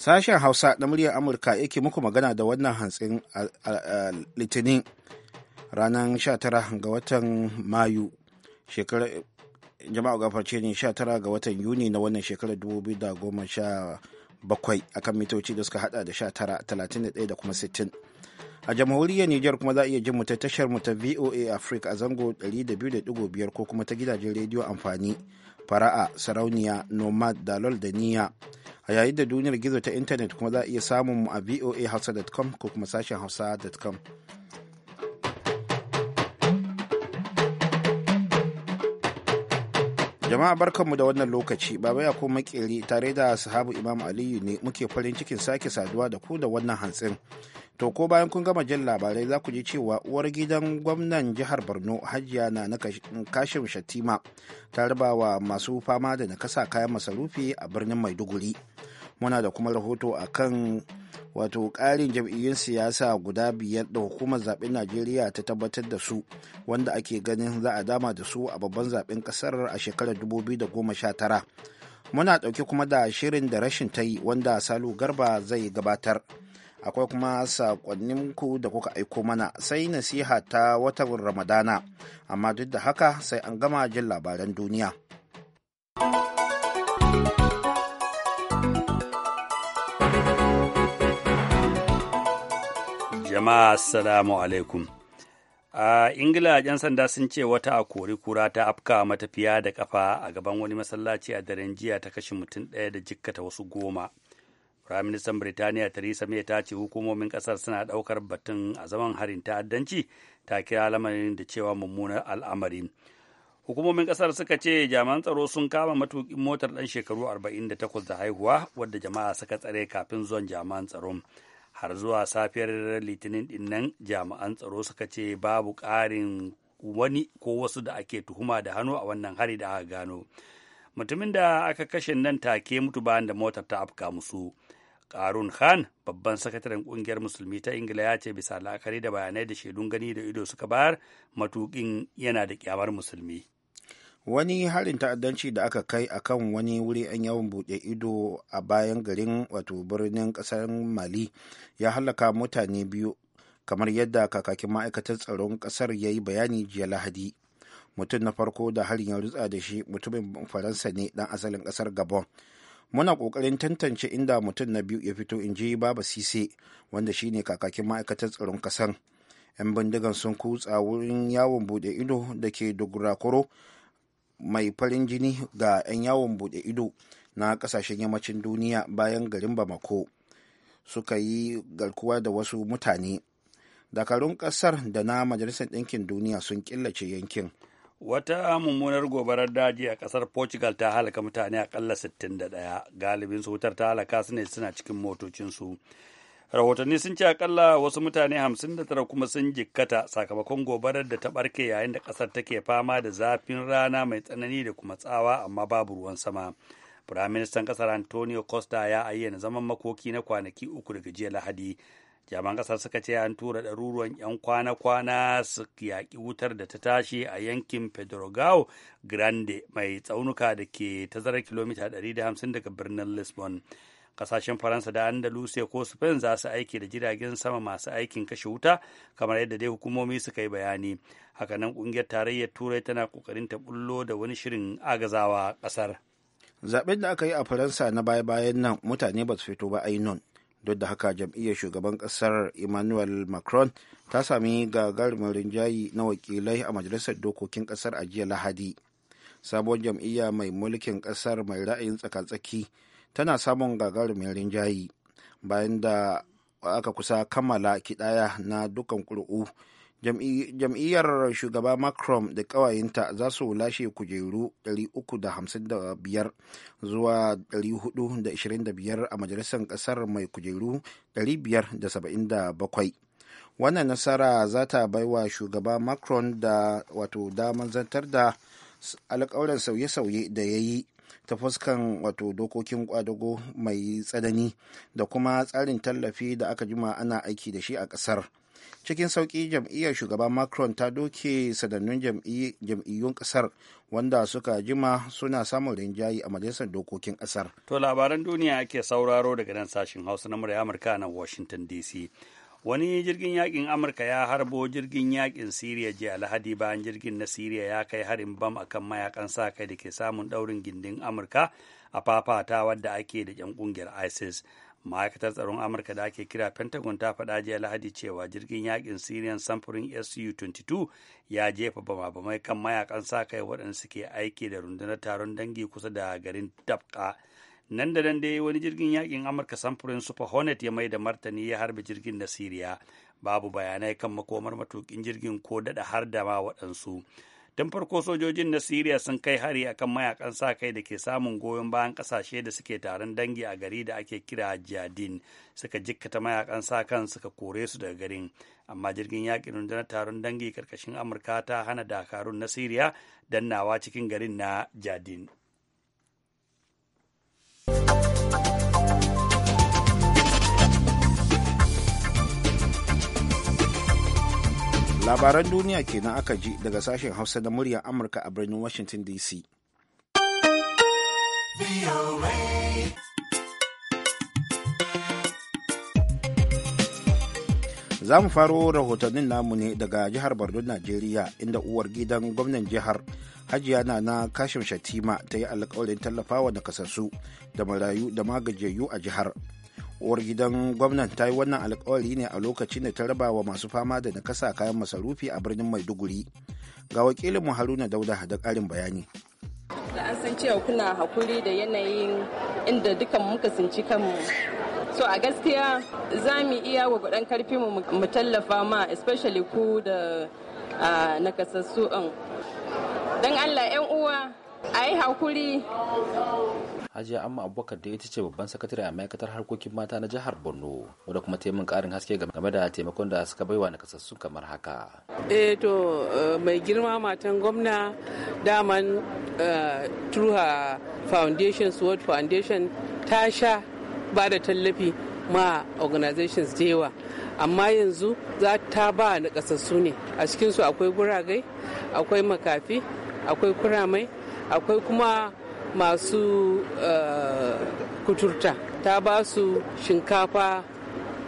Sashen Hausa na muryar Amurka yake muku magana da wannan hantsin Litinin ranar 19 ga watan Mayu shekarar jama'a gafarce ne 19 ga watan Yuni na wannan shekarar 2017 akan mitoci da suka hada da 19, 31 da kuma 60. a jamhuriyar Nijar kuma za a iya jin mu ta tashar mu ta VOA Africa a zango 200.5 ko kuma ta gidajen rediyo amfani fara'a sarauniya nomad dalol da niya a yayin da duniyar gizo ta intanet kuma za a iya samun mu a voa hausa.com ko kuma sashen hausa.com jama'a barkanmu da wannan lokaci baba ya kuma makeri tare da sahabu imam aliyu ne muke farin cikin sake saduwa da ku da wannan hantsin to ko bayan kun gama jin labarai za ku ji cewa uwar gidan gwamnan jihar borno hajiya na na kashin shatima ta raba wa masu fama da nakasa kayan masarufi a birnin maiduguri muna da kuma rahoto a kan wato ƙarin jam'iyyun siyasa guda biyar da hukumar zaben najeriya ta tabbatar da su wanda ake ganin za a dama da su a babban zaben ƙasar a shekarar 2019 muna ɗauke kuma da shirin da rashin ta yi wanda salu garba zai gabatar akwai kuma sakonninku da kuka aiko mana sai nasiha ta watan ramadana amma duk da haka sai an gama jin labaran duniya. jama'a assalamu alaikum a ingila yan sanda sun ce wata a kori kura ta afka matafiya da kafa a gaban wani masallaci a daren jiya ta kashe mutum ɗaya da jikkata wasu goma Firaministan Birtaniya Theresa May ta ce hukumomin ƙasar suna ɗaukar batun a zaman harin ta'addanci ta kira lamarin da cewa mummunar al'amari. Hukumomin ƙasar suka ce jami'an tsaro sun kama matukin motar ɗan shekaru 48 da haihuwa wadda jama'a suka tsare kafin zuwan jami'an tsaro. har zuwa safiyar litinin dinnan jami'an tsaro suka ce babu ƙarin wani ko wasu da ake tuhuma da hannu a wannan hari da aka gano mutumin da aka kashe nan take mutu bayan da motar ta afka musu karun khan babban sakataren kungiyar musulmi ta ingila ya ce bisa la'akari da bayanai da shaidun gani da ido suka bayar matukin yana da kyamar musulmi wani harin ta'addanci da aka kai a kan wani wuri 'yan yawon buɗe ido a bayan garin wato birnin ƙasar mali ya halaka mutane biyu kamar yadda kakakin ma'aikatar tsaron ƙasar ya yi bayani jiya lahadi mutum na farko da harin ya rutsa da shi mutumin faransa ne dan asalin ƙasar gabon muna ƙoƙarin tantance inda mutum na biyu ya fito in je baba sise wanda shine kakakin ma'aikatar tsaron ƙasar 'yan bindigan sun kutsa wurin yawon buɗe ido da ke dogurakoro mai farin jini ga 'yan yawon bude ido na kasashen yammacin duniya bayan garin bamako suka yi garkuwa da wasu mutane dakarun kasar da na majalisar ɗinkin duniya sun killace yankin wata mummunar gobarar daji a kasar portugal ta halaka mutane akalla 61 galibin su wutar ta halaka su ne suna cikin motocinsu rahotanni sun ce akalla wasu mutane tara kuma sun jikkata sakamakon gobarar da ta barke yayin da kasar take fama da zafin rana mai tsanani da kuma tsawa amma babu ruwan sama firaministan kasar antonio costa ya ayyana zaman makoki na kwanaki uku daga jiya lahadi jaman kasar suka ce an tura ɗaruruwan 'yan kwana-kwana su yaƙi wutar da ta tashi a yankin pedrogao grande mai tsaunuka da ke tazarar kilomita 150 daga birnin lisbon kasashen faransa da andalusia ko spain za su aiki da jiragen sama masu aikin kashe wuta kamar yadda dai hukumomi suka yi bayani hakanan kungiyar tarayyar turai tana kokarin ta bullo da wani shirin agazawa kasar zaben da aka yi a faransa na baya-bayan nan mutane ba su fito ba ainon duk da haka jam'iyyar shugaban kasar emmanuel macron ta sami gagarumin rinjayi na wakilai a majalisar dokokin kasar a jiya lahadi sabon jam'iyya mai mulkin kasar mai ra'ayin tsakatsaki tana samun gagarumin rinjayi bayan da aka kusa kammala kidaya na dukkan ƙuri'u jam'iyyar shugaba macron da ƙawayenta za su lashe kujeru 355 zuwa 425 a majalisar ƙasar mai kujeru 577 wannan nasara za ta baiwa shugaba macron da wato damar zantar da alkawarin sauye-sauye da ya yi ta fuskan wato dokokin kwadago mai tsanani da kuma tsarin tallafi da aka jima ana aiki da shi a ƙasar cikin sauƙi jam'iyyar shugaba macron ta doke sanannun jam'iyyun ƙasar wanda suka jima suna samun rinjaye a majalisar dokokin ƙasar to labaran duniya ake sauraro daga nan sashen hausa na murya amurka nan washington dc wani jirgin yakin amurka ya harbo jirgin yakin siriya jiya alHadi, bayan jirgin na siriya ya kai harin bam kan mayakan sa kai da ke samun daurin gindin amurka a fafata wadda ake da yan kungiyar isis ma'aikatar tsaron amurka da ake kira pentagon ta faɗa jiya AlHadi cewa jirgin yakin siriyan samfurin su-22 ya jefa bama-bamai kan mayakan sa kai waɗanda suke aiki da rundunar taron dangi kusa da garin dabka nan da nan dai wani jirgin yakin amurka samfurin super hornet ya mai da martani ya harbe jirgin na siriya babu bayanai kan makomar matukin jirgin ko daɗa har da ma waɗansu tun farko sojojin na siriya sun kai hari akan mayakan sa kai da ke samun goyon bayan ƙasashe da suke taron dangi a gari da ake kira jadin suka jikkata mayakan sa kan suka kore su daga garin amma jirgin yakin rundunar taron dangi karkashin amurka ta hana dakarun na siriya dannawa cikin garin na jadin labaran duniya kenan aka ji daga sashen hausa na muryar amurka a birnin washington dc za mu faro rahotannin namu ne daga jihar Borno Najeriya inda uwar gidan gwamnan jihar Hajiya na na Kashim Shatima ta yi alkawarin tallafawa nakasassu da marayu da magajiyayyu a jihar. uwar gidan gwamnan ta yi wannan alkawari ne a lokacin da ta raba wa masu fama da nakasa kayan masarufi a birnin maiduguri ga wakilin mu haruna dauda da ƙarin bayani da an san cewa kuna hakuri da yanayin inda dukan muka tsinci kanmu so a gaskiya za mu iya wa gudan karfi mu mu tallafa ma especially ku da nakasassu din don allah 'yan uwa a yi hakuri hajiya amma abubakar da ita ce babban sakatare a ma'aikatar harkokin mata na jihar borno wadda kuma taimun karin haske game da taimakon da suka baiwa na kasassun kamar haka eh to eh, mai girma matan gwamna daman eh, through her foundation sword foundation ta sha ba da tallafi ma organizations da yawa amma yanzu za ta ba na kasassu ne a cikinsu akwai guragai akwai makafi akwai kuramai akwai kuma masu eh, kuturta ta ba su shinkafa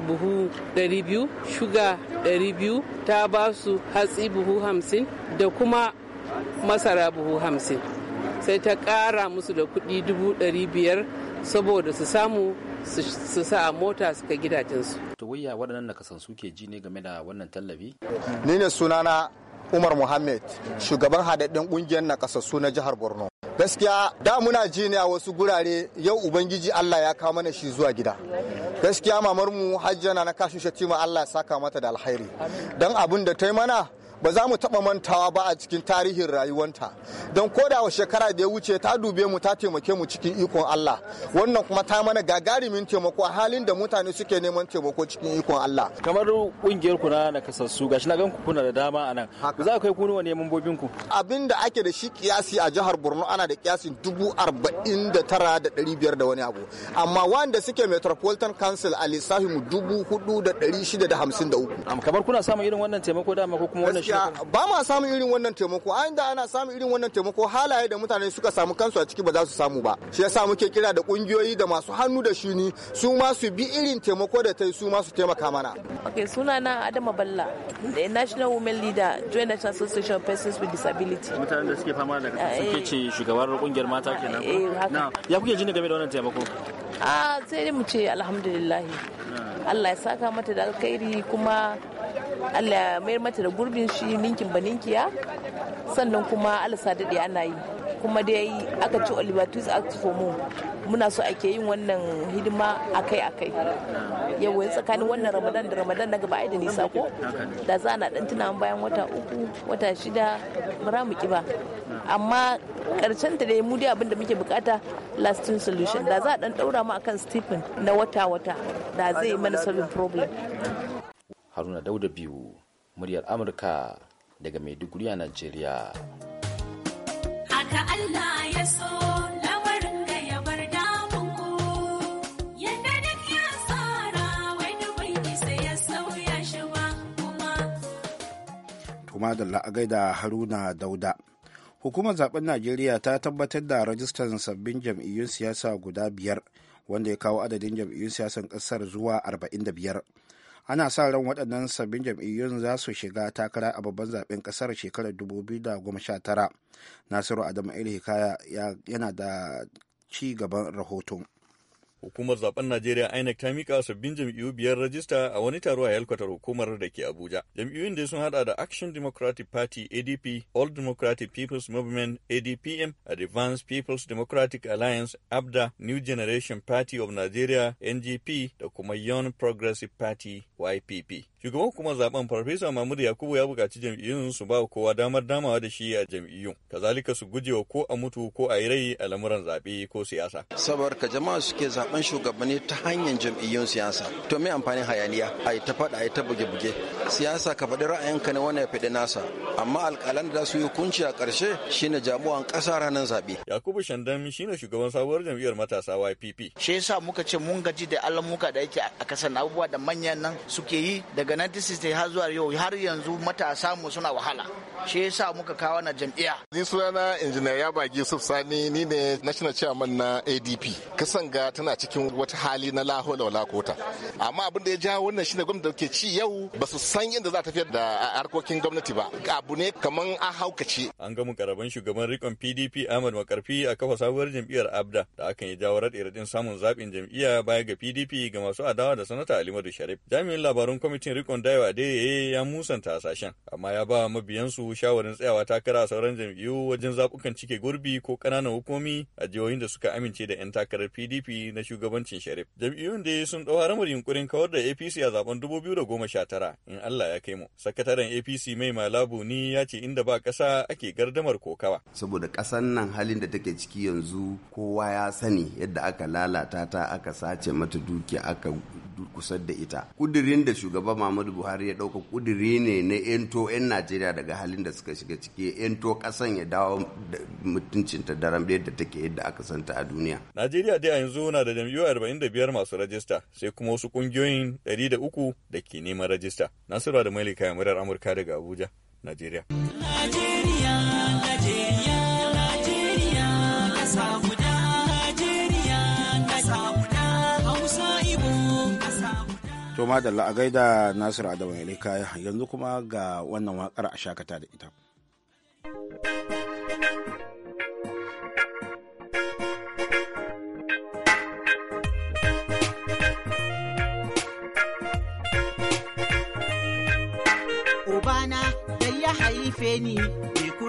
buhu 200 shuga 200 ta ba su hatsi buhu 50 da kuma masara buhu 50 sai ta kara musu da kuɗi 500 saboda su samu su sa a mota ka gidajensu. To wuya waɗannan da kasan suke ji ne game da wannan tallafi? Ni ne sunana Umar Muhammad, shugaban haɗaɗɗen ƙungiyar na kasassu na jihar Borno. gaskiya da muna ji ne a wasu gurare yau ubangiji Allah ya kawo mana shi zuwa gida gaskiya mamarmu mu hajjana na ce shatima Allah ya saka mata da alkhairi dan abin da ta yi mana ba za mu taɓa mantawa ba a cikin tarihin rayuwanta don koda wa shekara da ya wuce ta dube mu ta taimake mu cikin ikon Allah wannan kuma ta mana gagarumin taimako a halin da mutane suke neman taimako cikin ikon Allah kamar kungiyar ku na nakasassu gashi na ganku kuna da dama anan za ku kai kunuwa neman mambobin ku abinda ake da shi kiyasi a jihar Borno ana da kiyasin dubu arba'in da tara da ɗari biyar da wani abu amma wanda suke metropolitan council a lissafi mu dubu hudu da ɗari shida da hamsin da uku kamar kuna samun irin wannan taimako dama ko kuma wannan gaskiya ba ma samun irin wannan taimako a inda ana samun irin wannan taimako halaye da mutane suka samu kansu a ciki ba za su samu ba shi yasa muke kira da kungiyoyi da masu hannu da shuni su ma su bi irin taimako da ta yi su ma su taimaka mana okay suna na Adama Balla the National Women Leader Joint National Association of Persons with Disability mutanen da suke fama da eh, suke eh. ce shugabar kungiyar mata kenan eh, ya kuke jin game da wannan taimako a ah, sai mu ce alhamdulillah Allah ya saka mata da alkhairi kuma allah mayar mata da gurbin shi ninkin ba ninkiya sannan kuma alasa daɗe ana yi kuma dai aka ci oliver act for mu muna so ake yin wannan hidima akai akai yawon tsakanin wannan ramadan da ramadan na gaba da nisa ko da za na dan tunan bayan wata uku wata shida bara mu ba amma karshen ta dai mu dai abinda muke bukata lasting solution da za a dan daura mu akan stephen na wata wata da zai mana solving problem haruna dauda biyu muryar amurka daga maiduguri a najeriya haka allah ya so kuma da haruna dauda hukumar zaben najeriya ta tabbatar da rajistan sabbin jam'iyyun siyasa guda biyar wanda ya kawo adadin jam'iyyun siyasan ƙasar zuwa 45 ana sa ran waɗannan sabbin jam'iyyun za su shiga takara a babban zaɓen ƙasar shekarar 2019 nasiru adamu ilhikaya yana da ci gaban rahoton Hukumar zaben Najeriya INEC ta mika sabbin jam'iyyu biyar rajista a wani taro a yalkwatar hukumar da ke Abuja. Jam'iyyun da sun hada da Action Democratic Party ADP, All Democratic People's Movement ADPM, Advanced People's Democratic Alliance ABDA, New Generation Party of Nigeria NGP da kuma Young Progressive Party YPP. Shugaban hukumar zaben Farfesa Mahmud Yakubu ya buƙaci jam'iyyun su ba kowa damar damawa da shi a jam'iyyun. Kazalika su gujewa ko a mutu ko a yi rai a lamuran zaɓe ko siyasa. Sabar ka jama'a suke zaben shugabanni ta hanyar jam'iyyun siyasa. To me amfanin hayaniya? A yi ta faɗa, a yi ta buge-buge. Siyasa ka faɗi ra'ayinka ne wani ya faɗi nasa. Amma alƙalan da su yi hukunci a ƙarshe shine jamuwan ƙasa ranar zaɓe. Yakubu Shandam shine shugaban sabuwar jam'iyyar matasa YPP. Shi yasa muka ce mun gaji da alamuka da yake a kasan abubuwa da manyan nan suke yi daga daga 1960 har zuwa yau har yanzu matasa mu suna wahala shi yasa muka kawo na jam'iyya ni sunana injiniya yaba yusuf sani ni ne national chairman na adp Kasan ga tana cikin wata hali na laho da amma abin da ya jawo wannan shine gwamnati da ke ci yau ba su san yadda za ta tafiyar da harkokin gwamnati ba abu ne kaman a haukace an ga karaban shugaban rikon pdp ahmad makarfi a kafa sabuwar jam'iyyar abda da akan yi jawo raɗe-raɗin samun zaɓin jam'iyya baya ga pdp ga masu adawa da sanata alimadu sharif jami'in labarun kwamitin nikon daiwa dai ya musanta sashen amma ya ba mabiyansu shawarin tsayawa takara a sauran jam'iyyu wajen zaɓukan cike gurbi ko ƙananan hukumi a jihohin da suka amince da 'yan takarar pdp na shugabancin sharif jam'iyyun da sun ɗau haramar yunkurin kawar da apc a zaben da goma sha tara in allah ya kai mu sakataren apc mai malabu ni ya ce inda ba ƙasa ake gardamar kokawa saboda ƙasan nan halin da take ciki yanzu kowa ya sani yadda aka lalata ta aka sace mata dukiya aka durkusar da ita kudirin da shugaba muhammadu buhari ya ɗauka kuduri ne na 'yanto 'yan najeriya daga halin da suka shiga ciki 'yanto kasan ya dawo mutuncinta rambe da take yadda aka santa a duniya najeriya dai a yanzu na da jam'iyyu 45 masu rajista sai kuma wasu ƙungiyoyin 300 da ke neman rajista nasiru da malika ya murar amurka daga abuja najeriya najeriya to madalla a gaida nasiru adamu ilika yanzu kuma ga wannan wakar a shakata da ita Ubana da ya haife ni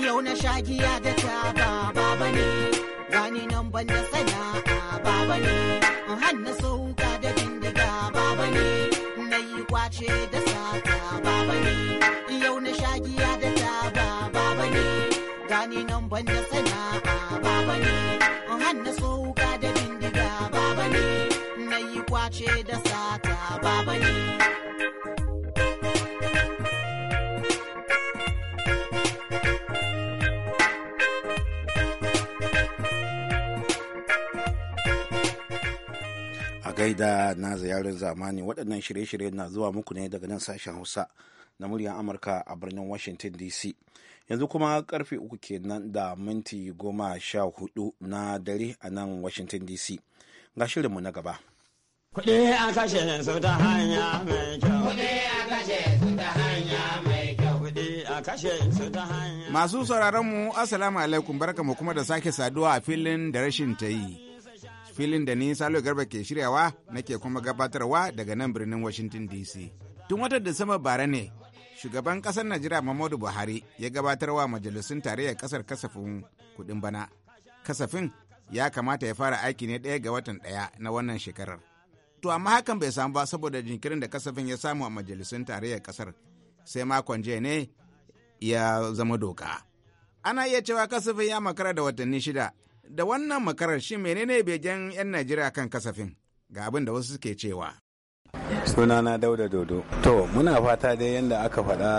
yau na shagiya da ta baba ne gani nan da sana'a baba ne hannu sauka da bindiga baba ne na yi kwace da sata baba ne yau na shagiya da ta baba ne gani nan da sana'a a gaida na ziyarar zamani waɗannan shirye-shirye na zuwa muku ne daga nan sashen hausa na muryar amurka a birnin washington dc yanzu kuma karfe uku kenan da minti goma sha hudu na dare a nan washington dc ga shirinmu na gaba kuɗi a kashe su ta hanya mai kyau a kashe su ta hanya mai kyau masu sauraron mu assalamu alaikum barkamu kuma da sake saduwa a filin da rashin ta yi filin da ni salo garba ke shiryawa nake kuma gabatarwa daga nan birnin washington dc tun watan disamba bara ne shugaban kasar najeriya mamadu buhari ya gabatarwa majalisun tarayyar kasar kasafin kudin bana kasafin ya kamata ya fara aiki ne daya ga watan daya na wannan shekarar to amma hakan bai samu ba saboda jinkirin da kasafin ya samu a majalisun tarayyar kasar sai makon jiya ne ya zama doka ana iya cewa kasafin ya makara da watanni shida da wannan makarar shi menene begen 'yan najeriya kan kasafin ga abin da wasu suke cewa sunana dauda dodo to muna fata dai yadda aka faɗa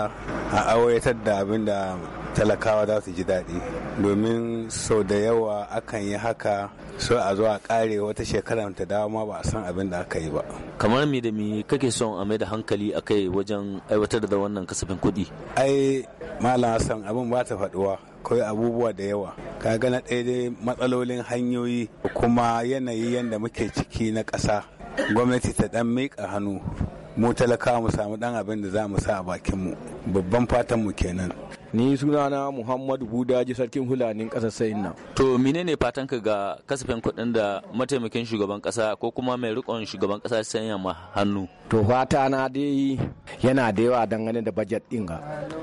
a awayatar da abin da talakawa za su ji daɗi domin sau da yawa akan yi haka so a zo a ƙare wata shekara ta dama ba a san abin da aka yi ba kamar me da me kake son a mai da hankali a kai wajen aiwatar da wannan kasafin kuɗi ai malam hassan abin ba ta faɗuwa akwai abubuwa da yawa ka gana ɗaya dai matsalolin hanyoyi kuma yanayi yadda muke ciki na ƙasa gwamnati ta ɗan miƙa hannu mu talakawa mu samu dan abin da za mu sa a bakin mu babban fatan mu kenan ni sunana muhammadu budaji sarkin hulanin kasar sayin nan to menene fatan ka ga kasafin kuɗin da mataimakin shugaban kasa ko kuma mai rikon shugaban kasa sanya ma hannu to fata na dai yana da yawa dangane da bajet din ga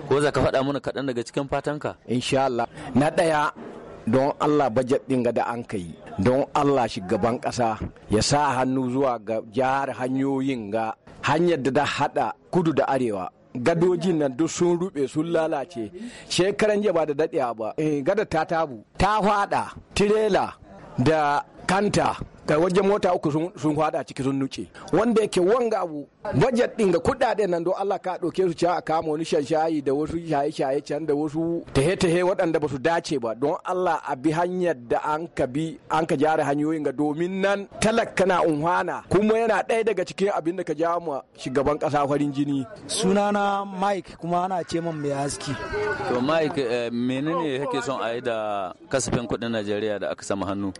ko za ka faɗa mana kaɗan daga cikin fatan ka insha Allah na ɗaya don allah bajet din ga da an kai don allah shugaban kasa ya sa hannu zuwa ga jihar hanyoyin ga hanyar da da hada kudu da arewa gadojin nan duk sun rube sun lalace shekaran jiya ba da dadewa ba eh, gada ta tabu ta hada tirela da kanta da wajen mota uku sun hada ciki sun nuce wanda yake wanga abu bajet ɗin ga kudaden nan don Allah ka dauke su cewa a kama wani shayi, da wasu shaye-shaye can da wasu tahe-tahe waɗanda ba su dace ba don Allah a bi hanyar da an ka bi an ka jara hanyoyin ga domin nan talaka na unhana kuma yana ɗaya daga cikin abin da ka ja mu shugaban ƙasa farin jini sunana Mike kuma ana ce min mai haski to Mike eh, menene yake son a yi da kasafin kuɗin Najeriya da aka sama hannu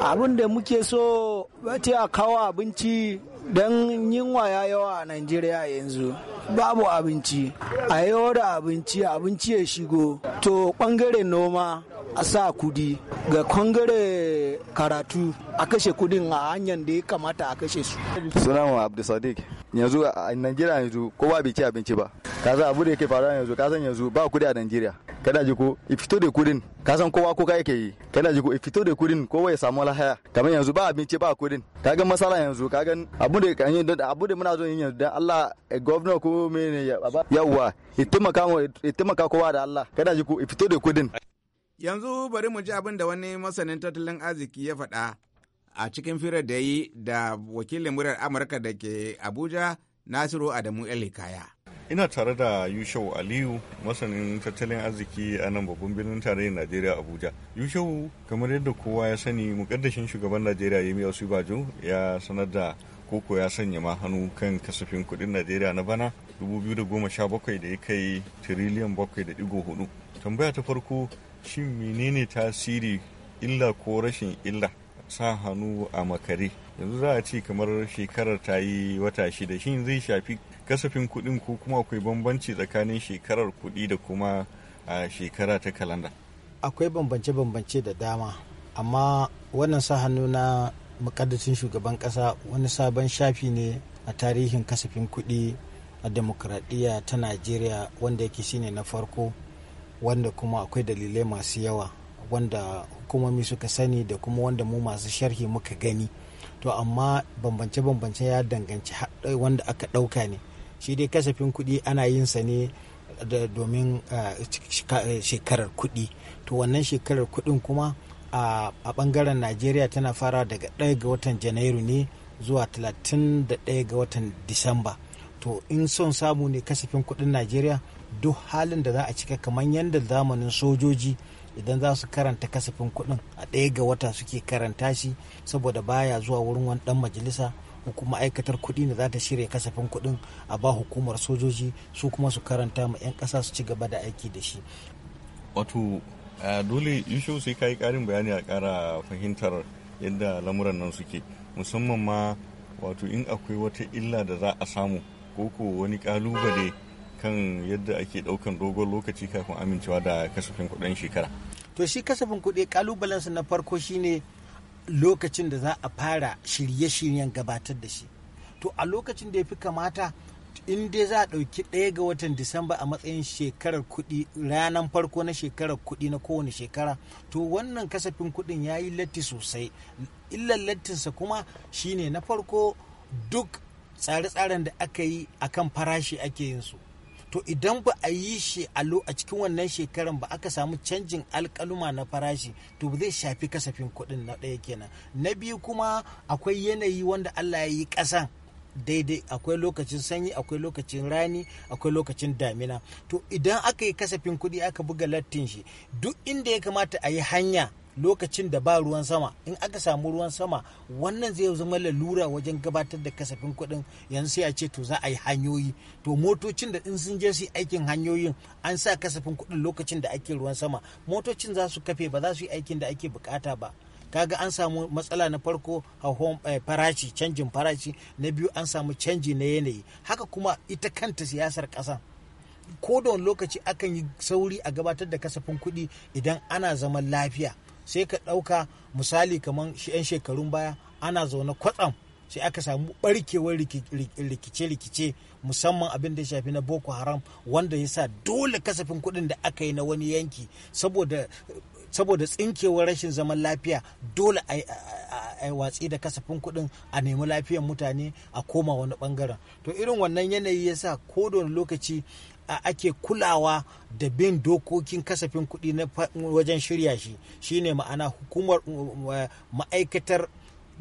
abin da muke so wace a kawo abinci don nwa ya yawa a nigeria yanzu babu abinci a yau da abinci abinci ya shigo to bangaren noma a sa kudi ga kwangare karatu a kashe kudin a hanyar da ya kamata a kashe su sunan abdu sadiq yanzu a nigeria yanzu kowa bai ci abinci ba ka san abu da yake faruwa yanzu ka san yanzu ba kudi a nigeria kada ji ko ifito da kudin ka san kowa ko ka yake yi kada ji ko ifito da kudin kowa ya samu lahaya kamar yanzu ba abinci ba kudin ka ga masala yanzu ka ga abu da kan abu da muna zo yin yanzu dan Allah eh, governor ko mene yawa ya itimaka kowa da Allah kada ji ko ifito da kudin Yanzu bari mu ji abin da wani masanin tattalin arziki ya faɗa a cikin firar da yi da wakilin murar Amurka da ke Abuja Nasiru Adamu Elikaya. Ina tare da Yushau Aliyu masanin tattalin arziki a nan babban birnin tarayyar Najeriya Abuja. Yushau kamar yadda kowa ya sani mukaddashin shugaban Najeriya Yemi Osibajo ya sanar da koko ya sanya ma hannu kan kasafin kudin Najeriya na bana 2017 da ya kai tiriliyan 7.4. Tambaya ta farko shin menene tasiri illa ko rashin illa sa hannu a makare yanzu za a ce kamar shekarar ta yi wata shida shin zai shafi kasafin kuɗin ko kuma akwai bambanci tsakanin shekarar kuɗi da kuma a shekara ta kalanda akwai bambance-bambance da dama amma wannan sa hannu na makaddacin shugaban ƙasa wani sabon shafi ne a tarihin kasafin kuɗi a demokradiyya ta najeriya wanda yake shine na farko wanda kuma akwai dalilai masu yawa wanda hukumomi suka sani da kuma wanda mu masu sharhi muka gani to amma bambance-bambance ya danganci eh, wanda aka ɗauka ne shi dai kasafin kuɗi ana yin sa ne domin eh, eh, shekarar kuɗi to wannan shekarar kuɗin kuma a ɓangaren najeriya tana fara daga 1 ga watan janairu ne zuwa 31 ga watan disamba to in son samu ne kasafin kuɗin najeriya duk halin da za a cika kamar yadda zamanin sojoji idan za su karanta kasafin kuɗin a ɗaya ga wata suke karanta shi saboda baya zuwa wurin wani ɗan majalisa ko kuma aikatar kuɗi da za ta shirya kasafin kuɗin a ba hukumar sojoji su kuma su karanta ma 'yan ƙasa su ci gaba da aiki da shi. Wato dole yusho sai ka yi ƙarin bayani a ƙara fahimtar yadda lamuran nan suke musamman ma wato in akwai wata illa da za a samu ko ko wani ƙalubale kan yadda ake ɗaukan dogon lokaci kafin amincewa da kasafin kuɗin shekara. To shi kasafin kuɗi ƙalubalensa na farko shine lokacin da za a fara shirye-shiryen gabatar da shi. To a lokacin da ya fi kamata in dai za a ɗauki ɗaya ga watan disamba a matsayin shekarar kuɗi ranar farko na shekarar kuɗi na kowane shekara to wannan kasafin kuɗin ya yi latti sosai illan lattinsa kuma shine na farko duk tsare-tsaren da aka yi akan farashi ake yin su to idan ba a yi shi a cikin wannan shekaran ba aka samu canjin alkaluma na farashi to zai shafi kasafin kuɗin na ɗaya kenan na biyu kuma akwai yanayi wanda allah ya yi ƙasan daidai akwai lokacin sanyi akwai lokacin rani akwai lokacin damina to idan aka yi kasafin kuɗi aka buga lattin shi duk inda ya kamata a yi hanya lokacin da ba ruwan sama in aka samu ruwan sama wannan zai zama lalura wajen gabatar da kasafin kuɗin yanzu sai a ce to za a yi hanyoyi to motocin da in sun je su aikin hanyoyin an sa kasafin kuɗin lokacin da ake ruwan sama motocin za su kafe ba za su yi aikin da ake bukata ba kaga an samu matsala na farko hauhawar eh, farashi canjin farashi na biyu an samu canji na yanayi haka kuma ita kanta siyasar ƙasan ko da lokaci akan yi sauri a gabatar da kasafin kuɗi idan ana zaman lafiya sai ka ɗauka misali kamar 'yan shekarun baya ana zaune kwatsam sai aka samu barkewar rikice-rikice musamman abin da ya shafi na boko haram wanda ya sa dole kasafin kuɗin da aka yi na wani yanki saboda saboda tsinkewar rashin zaman lafiya dole a watsi da kasafin kuɗin a nemi lafiyar mutane a koma wani bangaren to irin wannan yanayi ya sa kodon lokaci a ake kulawa da bin dokokin kasafin kuɗi na wajen shirya shi shine ma'ana hukumar um, um, ma'aikatar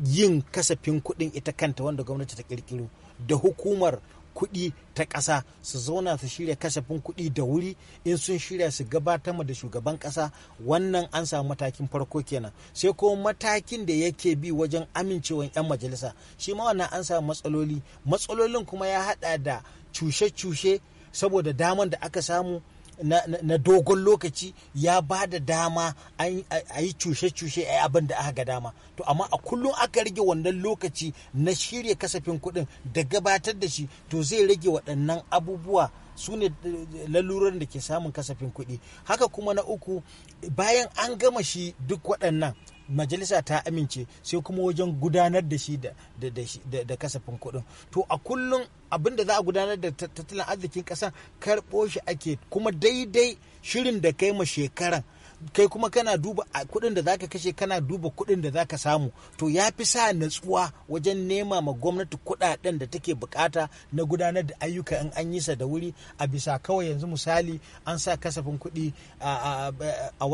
yin kasafin kuɗin ita kanta wanda gwamnati ta kirkiro da hukumar kuɗi ta ƙasa su zauna su shirya kasafin kuɗi da wuri in sun shirya su gabatar mu da shugaban ƙasa wannan an samu matakin farko kenan sai ko matakin da yake bi wajen amincewan 'yan majalisa shi ma wannan an samu matsaloli matsalolin kuma ya haɗa da cushe-cushe saboda daman da aka samu na, na, dogon lokaci ya ba da dama a yi cushe-cushe a abin da aka ga dama to amma a kullum aka rage wannan lokaci na shirya kasafin kuɗin da gabatar da shi to zai rage waɗannan abubuwa su ne lalurar da ke samun kasafin kuɗi haka kuma na uku bayan an gama shi duk waɗannan majalisa ta amince sai kuma wajen gudanar da shi da kasafin kuɗin to a kullum abinda za a gudanar da tattalin arzikin ƙasa karɓo shi ake kuma daidai shirin da kai ma shekaran kai kuma kana duba a kuɗin da zaka kashe kana duba kuɗin da zaka samu to ya fi sa natsuwa wajen nema ma gwamnati kuɗaɗen da take bukata na gudanar da ayyuka in an yi sa da wuri a bisa kawai yanzu misali an sa kasafin kuɗi a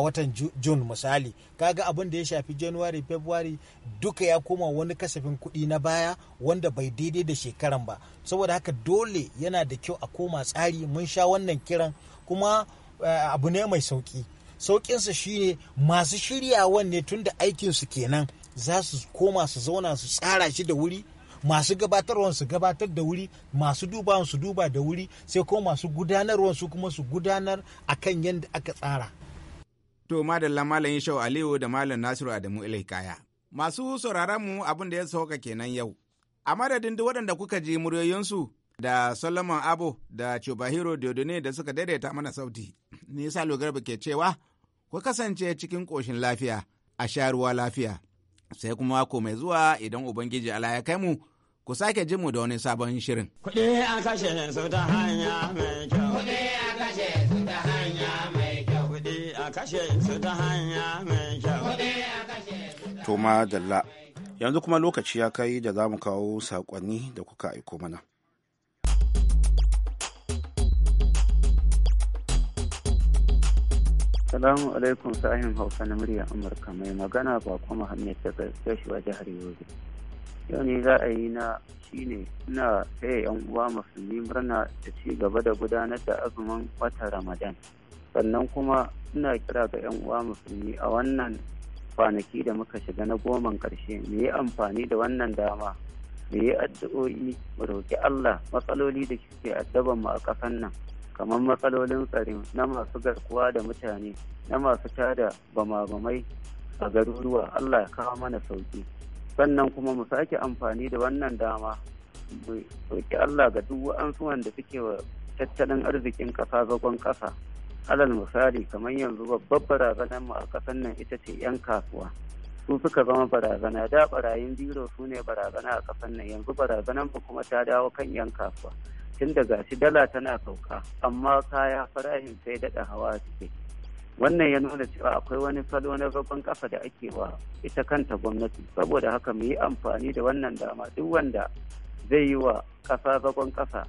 watan jun misali kaga abin da ya shafi january february duka ya koma wani kasafin kuɗi na baya wanda bai daidai da shekaran ba saboda haka dole yana da kyau a koma tsari mun sha wannan kiran kuma Eh, abu ne mai sauki saukinsa shine masu shiryawan ne da aikinsu kenan za su koma su zauna su tsara shi da wuri masu gabatarwan su gabatar da wuri masu dubawan su duba da wuri sai ko masu gudanarwan su kuma su gudanar akan yadda aka tsara to madalla malam shau Aliyu da malam Nasiru Adamu ilai kaya. masu sauraron mu abin da ya sauka kenan yau a madadin duk waɗanda kuka ji muryoyinsu da Solomon Abo da Chubahiro Diodone da suka daidaita mana sauti. Nisa Lugarba ke cewa, ku kasance cikin ƙoshin lafiya, a sharuwa lafiya. Sai kuma mako mai zuwa idan Ubangiji Allah ya kai mu, ku sake jin mu da wani sabon shirin. Kuɗi a su ta hanya mai kyau. Kuɗi a su ta hanya mai kyau. Kuɗi a su ta hanya mai kyau. Kuɗi Dalla, yanzu kuma lokaci ya kai da za mu kawo saƙonni da kuka aiko mana. Assalamu alaikum sahin Hausa na murya Amurka mai magana ba kuma Hamid daga Gashuwa jihar Yobe. Yau ne za a yi na shi ne ina taya yan uwa musulmi murna da ci gaba da gudanar da azumin watan Ramadan. Sannan kuma ina kira ga yan uwa musulmi a wannan kwanaki da muka shiga na goman karshe mu yi amfani da wannan dama mu yi addu'o'i mu roƙi Allah matsaloli da ke addaban mu a ƙasan nan kamar matsalolin tsarin na masu garkuwa da mutane na masu tada bama-bamai a garuruwa Allah ya kawo mana sauki sannan kuma mu sake amfani da wannan dama sauki Allah ga duk wa'ansu wanda suke wa tattalin arzikin ƙasa zagon ƙasa alal misali kamar yanzu babbar barazanar mu a ƙasar nan ita ce 'yan kasuwa su suka zama barazana da barayin biro su ne barazana a ƙasar nan yanzu barazanar mu kuma ta dawo kan 'yan kasuwa tun da gashi dala tana sauka amma kaya farahin sai daɗa hawa suke wannan ya nuna cewa akwai wani salo na babban kafa da ake wa ita kanta gwamnati saboda haka mu yi amfani da wannan dama duk wanda zai yi wa ƙasa babban kafa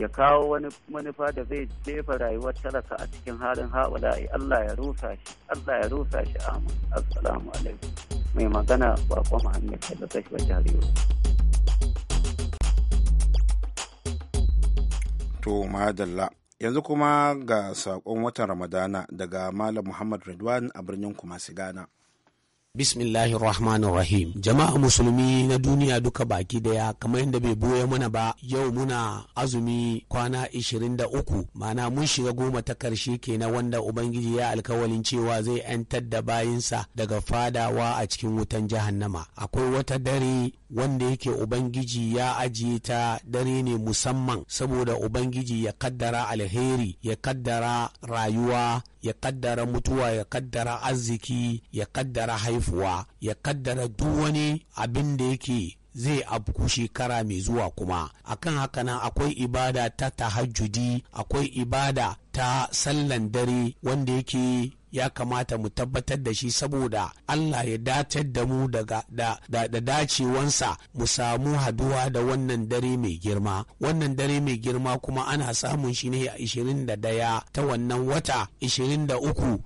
ya kawo wani manufa da zai jefa rayuwar talaka a cikin halin haɓula'i Allah ya rusa shi Allah ya rusa shi amin assalamu alaikum mai magana bakon Muhammad da kashi wajen jariyo To madalla yanzu kuma ga sakon watan Ramadana daga Malam Muhammad Redwan a birnin kuma sigana. Bismillahir Rahmanir Rahim. Jama'a musulmi na duniya duka baki daya kamar yadda bai boye mana ba yau muna azumi kwana 23 mana mun shiga goma ta karshe kenan wanda Ubangiji ya alkawalin cewa zai 'yantar da bayinsa daga fadawa a cikin wutan jahannama. Akwai wata dare wanda yake ubangiji ya ajiye ta dare ne musamman saboda ubangiji ya kaddara alheri ya kaddara rayuwa ya kaddara mutuwa ya kaddara arziki ya kaddara haifuwa ya kaddara duk wani abin da yake zai abku shekara mai zuwa kuma akan haka nan akwai ibada ta tahajjudi akwai ibada ta sallan dare wanda yake ya kamata mu tabbatar da shi saboda Allah ya datar da mu da dacewansa mu samu haduwa da wannan dare mai girma wannan dare mai girma kuma ana samun shi ne a 21 ta wannan wata 23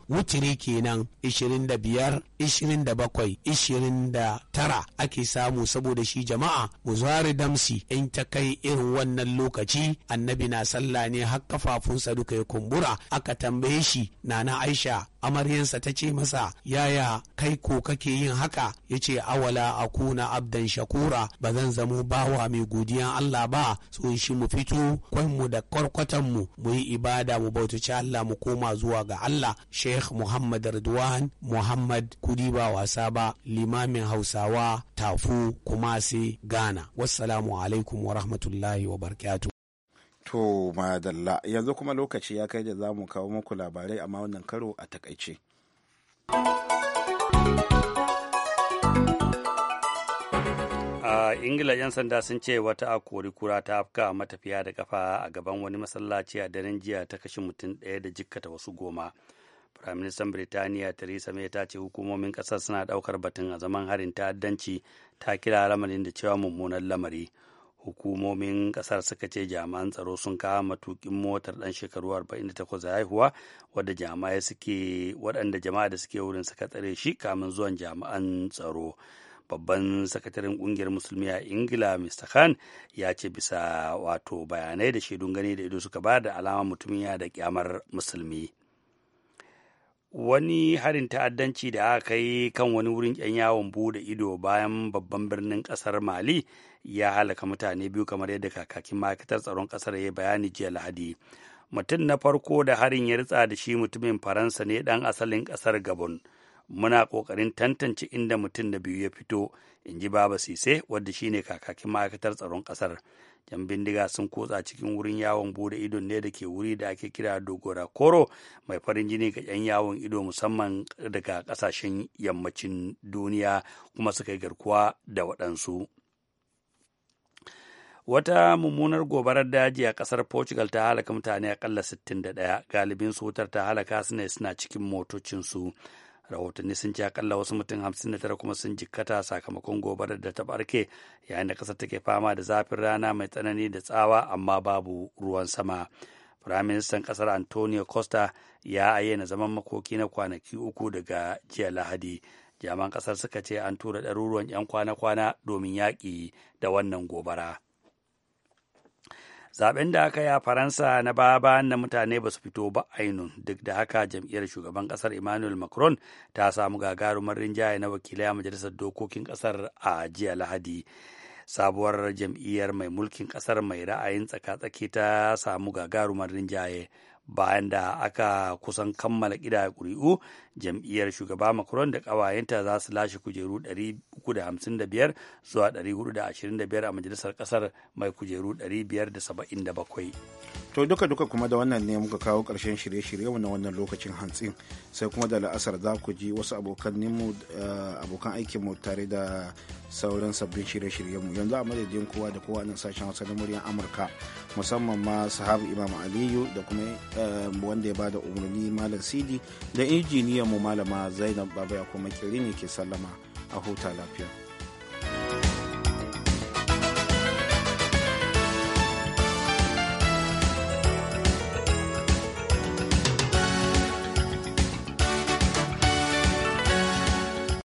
wuturi kenan 25 27 29 ake samu saboda shi jama'a mu zuwari damsi in ta kai irin wannan lokaci annabi na sallah ne har kafafunsa duka ya kumbura aka tambaye shi na na aisha amaryansa ta ce masa yaya kai ko kake yin haka ya ce awala na abdan shakura ba zan zamo bawa mai godiyan Allah ba so shi mu fito kwanmu da kwarkwatanmu mu yi ibada mu bautaci Allah mu koma zuwa ga Allah Sheikh Muhammad Ridwan Muhammad kudi ba wasa ba limamin Hausawa tafu kuma Ghana wassalamu alaikum wa rahmatullahi wa barakatuh To madalla yanzu kuma lokaci ya kai da za mu kawo muku labarai amma wannan karo a takaice. A Ingila 'yan sanda sun ce wata akori kura ta afka matafiya da kafa a gaban wani masallaci a daren jiya ta kashe mutum ɗaya da jikkata wasu goma. Firaministan Birtaniya Theresa May ta ce hukumomin ƙasar suna ɗaukar batun a zaman harin ta'addanci ta kira lamarin da cewa mummunan lamari. hukumomin kasar suka ce jami'an tsaro sun kama matukin motar dan shekaru 48 da haihuwa wadda jama'a suke waɗanda jama'a da suke wurin suka tsare shi kamin zuwan jami'an tsaro babban sakataren kungiyar musulmi a ingila mr khan ya ce bisa wato bayanai da shaidun gani da ido suka ba da alama mutumin ya da kyamar musulmi wani harin ta'addanci da aka kai kan wani wurin 'yan yawon bude ido bayan babban birnin kasar mali ya halaka mutane biyu kamar yadda kakakin ma'aikatar tsaron kasar ya bayani jiya lahadi mutum na farko da harin ya ritsa da shi mutumin faransa ne dan asalin kasar gabon muna kokarin tantance inda mutum na biyu ya fito in ji baba sise wadda shine kakakin ma'aikatar tsaron kasar. yan bindiga sun kotsa cikin wurin yawon bude ido ne da ke wuri da ake kira dogora koro mai farin jini ga yan yawon ido musamman daga kasashen yammacin duniya kuma suka yi garkuwa da waɗansu wata mummunar gobarar daji a kasar portugal ta halaka mutane akalla 61 galibin su wutar ta halaka suna suna cikin motocinsu rahotanni sun ce akalla wasu mutum hamsin 59 kuma sun jikkata sakamakon gobarar da ta barke yayin da kasar take fama da zafin rana mai tsanani da tsawa amma babu ruwan sama firaministan kasar antonio costa ya ayyana zaman makoki na kwanaki uku daga jiya lahadi jaman kasar suka ce an tura ɗaruruwan 'yan kwana-kwana domin yaƙi da wannan gobara. zaben da aka yi a faransa na baba na mutane ba su fito ba ainun duk da haka jam'iyyar shugaban kasar emmanuel macron ta samu gagarumar rinjaye na wakilai a majalisar dokokin kasar a jiya lahadi sabuwar jam'iyyar mai mulkin kasar mai ra'ayin tsaka-tsaki ta samu gagarumar rinjaye bayan da aka kusan kammala ƙidaya ƙuri'u jam'iyyar shugaba macron da ƙawayenta za su lashe kujeru 355 zuwa 425 a majalisar ƙasar mai kujeru 577 to duka duka kuma da wannan ne muka kawo karshen shirye-shirye na wannan lokacin hantsin sai kuma da la'asar za ku ji wasu eh, abokan aikin mu tare da sauran sabbin shirye-shiryen mu yanzu a madadin kowa da kowa nan sashen wasu lamuriyar muryar amurka musamman ma sahabu imam aliyu da kuma eh, wanda ya ba da umarni malam sidi da injiniyan mu malama zainab baba ya kuma kirini ke sallama a huta lafiya